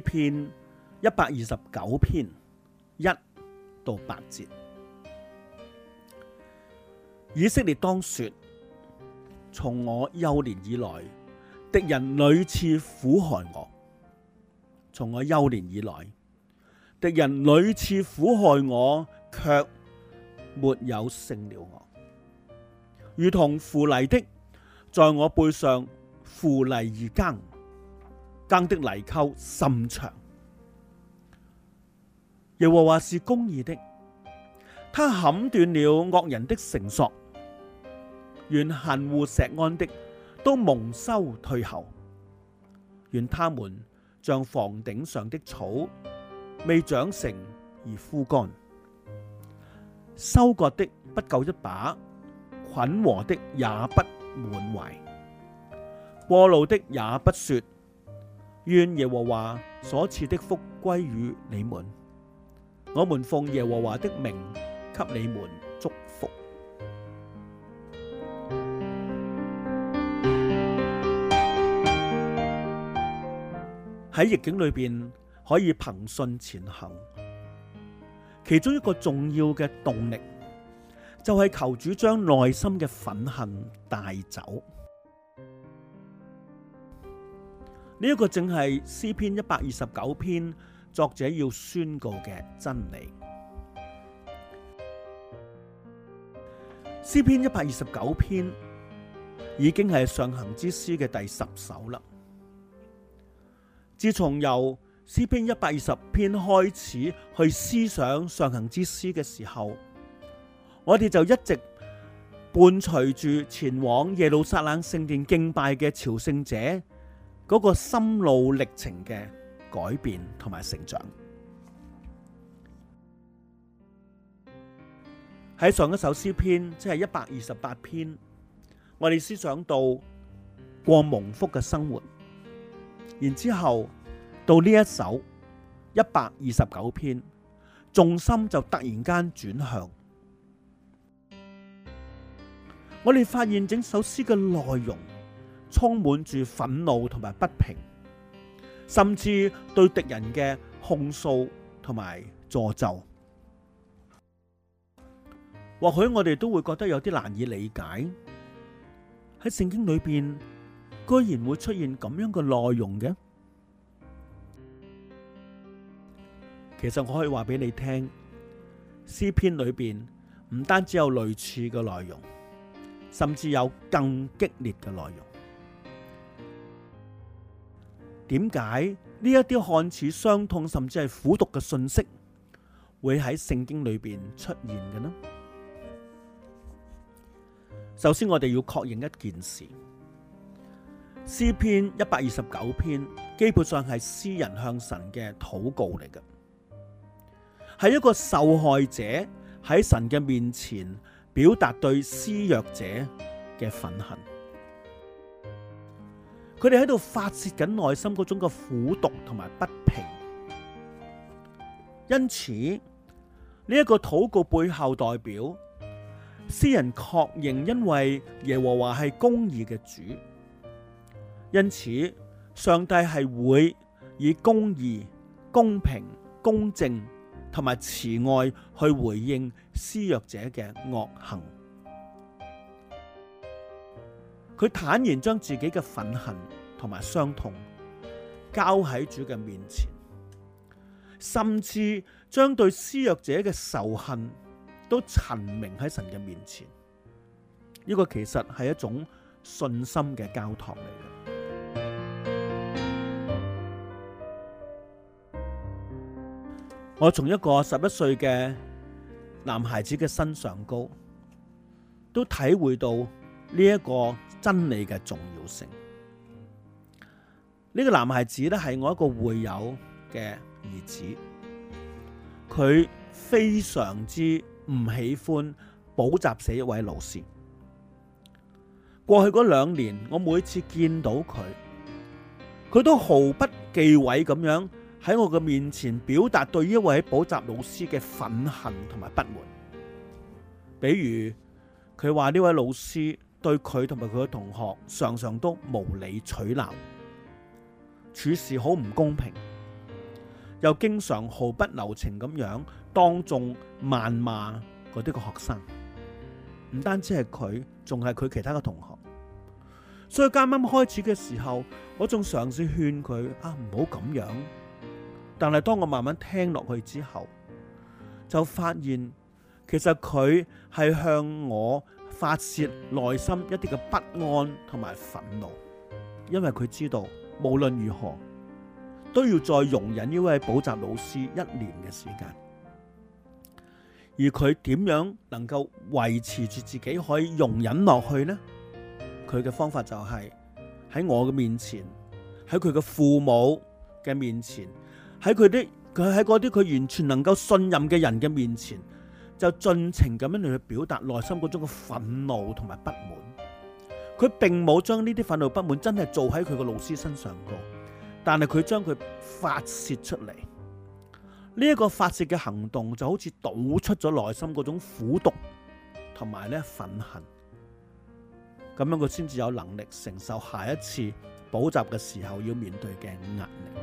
篇一百二十九篇一到八節，以色列當說：從我幼年以來，敵人屢次苦害我；從我幼年以來，敵人屢次苦害我，卻沒有勝了我，如同扶犁的，在我背上扶犁而耕。耕的泥溝甚長，耶和華是公義的，他砍斷了惡人的繩索，願恨惡石安的都蒙羞退後，願他們像房頂上的草未長成而枯乾，收割的不夠一把，捆禾的也不滿懷，過路的也不說。願耶和華所賜的福歸於你們。我們奉耶和華的名給你們祝福。喺逆境裏邊可以憑信前行，其中一個重要嘅動力，就係求主將內心嘅憤恨帶走。呢個正係詩篇一百二十九篇，作者要宣告嘅真理。詩篇一百二十九篇已經係上行之詩嘅第十首啦。自從由詩篇一百二十篇開始去思想上行之詩嘅時候，我哋就一直伴隨住前往耶路撒冷聖殿敬拜嘅朝聖者。嗰、那個心路歷程嘅改變同埋成長，喺上一首詩篇，即係一百二十八篇，我哋思想到過蒙福嘅生活，然之後到呢一首一百二十九篇，重心就突然間轉向，我哋發現整首詩嘅內容。充滿住憤怒同埋不平，甚至對敵人嘅控訴同埋詛咒。或許我哋都會覺得有啲難以理解，喺聖經裏邊居然會出現咁樣嘅內容嘅。其實我可以話俾你聽，詩篇裏邊唔單止有類似嘅內容，甚至有更激烈嘅內容。點解呢一啲看似傷痛甚至係苦毒嘅信息，會喺聖經裏邊出現嘅呢？首先，我哋要確認一件事：詩篇一百二十九篇基本上係詩人向神嘅禱告嚟嘅，係一個受害者喺神嘅面前表達對施虐者嘅憤恨。佢哋喺度發泄緊內心嗰種嘅苦毒同埋不平，因此呢一個禱告背後代表，詩人確認，因為耶和華係公義嘅主，因此上帝係會以公義、公平、公正同埋慈愛去回應施虐者嘅惡行。佢坦然將自己嘅憤恨同埋傷痛交喺主嘅面前，甚至將對施虐者嘅仇恨都陳明喺神嘅面前。呢個其實係一種信心嘅教堂嚟嘅。我從一個十一歲嘅男孩子嘅身上高，都體會到。呢、這、一個真理嘅重要性，呢、這個男孩子咧係我一個會友嘅兒子，佢非常之唔喜歡補習社一位老師。過去嗰兩年，我每次見到佢，佢都毫不忌諱咁樣喺我嘅面前表達對一位補習老師嘅憤恨同埋不滿。比如佢話呢位老師。對佢同埋佢嘅同學，常常都無理取鬧，處事好唔公平，又經常毫不留情咁樣當眾謾罵嗰啲個學生。唔單止係佢，仲係佢其他嘅同學。所以啱啱開始嘅時候，我仲嘗試勸佢啊，唔好咁樣。但係當我慢慢聽落去之後，就發現其實佢係向我。發洩內心一啲嘅不安同埋憤怒，因為佢知道無論如何都要再容忍呢位補習老師一年嘅時間，而佢點樣能夠維持住自己可以容忍落去呢？佢嘅方法就係喺我嘅面前，喺佢嘅父母嘅面前，喺佢啲，佢喺嗰啲佢完全能夠信任嘅人嘅面前。就盡情咁樣去表達內心嗰種嘅憤怒同埋不滿，佢並冇將呢啲憤怒不滿真係做喺佢個老師身上個，但係佢將佢發洩出嚟，呢一個發洩嘅行動就好似倒出咗內心嗰種苦毒同埋咧憤恨，咁樣佢先至有能力承受下一次補習嘅時候要面對嘅壓力。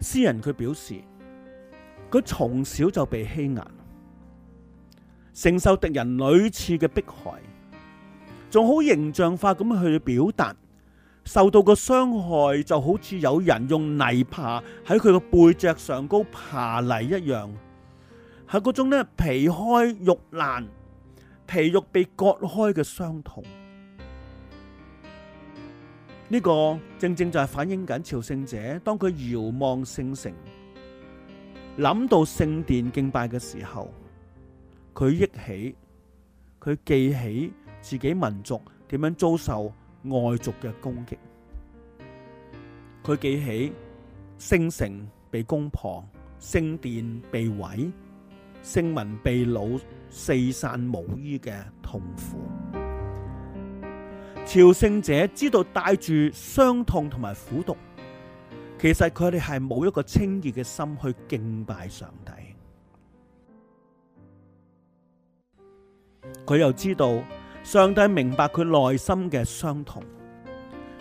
詩人佢表示。佢從小就被欺壓，承受敵人屢次嘅迫害，仲好形象化咁去表達受到個傷害，就好似有人用泥爬喺佢個背脊上高爬泥一樣，係嗰種咧皮開肉爛，皮肉被割開嘅傷痛。呢、這個正正就係反映緊朝聖者當佢遙望聖城，諗到聖殿敬拜嘅時候，佢憶起，佢記起自己民族點樣遭受外族嘅攻擊，佢記起聖城被攻破，聖殿被毀，聖民被擄四散無依嘅痛苦。朝聖者知道帶住傷痛同埋苦毒。其實佢哋係冇一個清潔嘅心去敬拜上帝，佢又知道上帝明白佢內心嘅傷痛，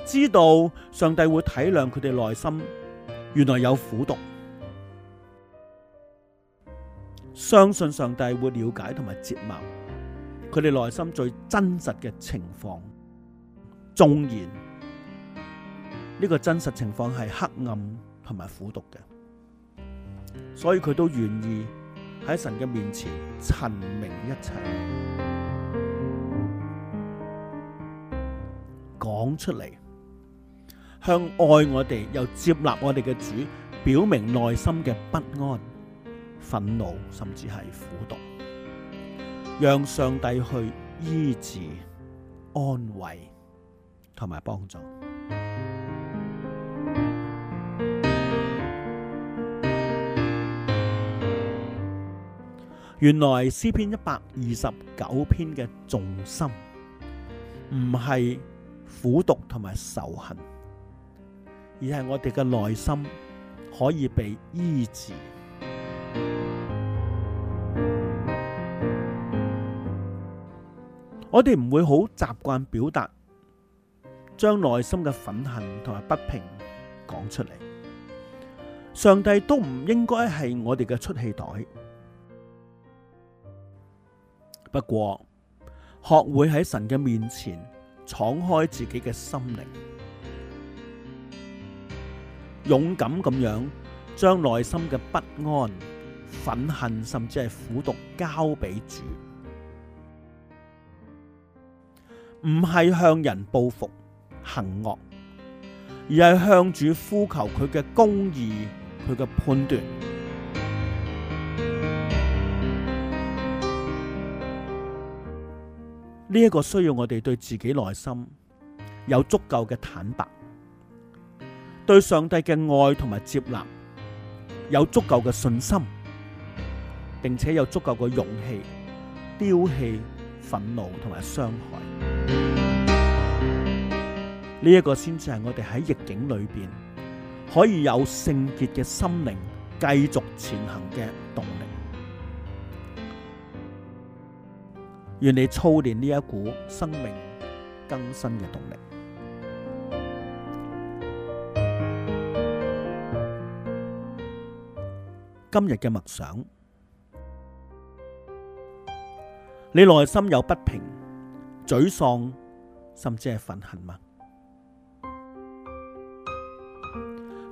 知道上帝會體諒佢哋內心原來有苦毒，相信上帝會了解同埋接納佢哋內心最真實嘅情況，縱然。呢個真實情況係黑暗同埋苦毒嘅，所以佢都願意喺神嘅面前陳明一切，講出嚟，向愛我哋又接納我哋嘅主，表明內心嘅不安、憤怒，甚至係苦毒，讓上帝去醫治、安慰同埋幫助。原來詩篇一百二十九篇嘅重心，唔係苦毒同埋仇恨，而係我哋嘅內心可以被醫治。我哋唔會好習慣表達，將內心嘅憤恨同埋不平講出嚟。上帝都唔應該係我哋嘅出氣袋。不過，學會喺神嘅面前敞開自己嘅心靈，勇敢咁樣將內心嘅不安、憤恨，甚至係苦毒交俾主，唔係向人報復，行惡，而係向主呼求佢嘅公義、佢嘅判斷。呢一個需要我哋對自己內心有足夠嘅坦白，對上帝嘅愛同埋接納有足夠嘅信心，並且有足夠嘅勇氣丟棄憤怒同埋傷害。呢一個先至係我哋喺逆境裏邊可以有聖潔嘅心靈繼續前行嘅動力。願你操練呢一股生命更新嘅動力。今日嘅默想，你內心有不平、沮喪，甚至係憤恨嗎？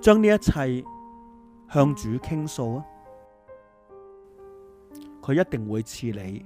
將呢一切向主傾訴啊！佢一定會賜你。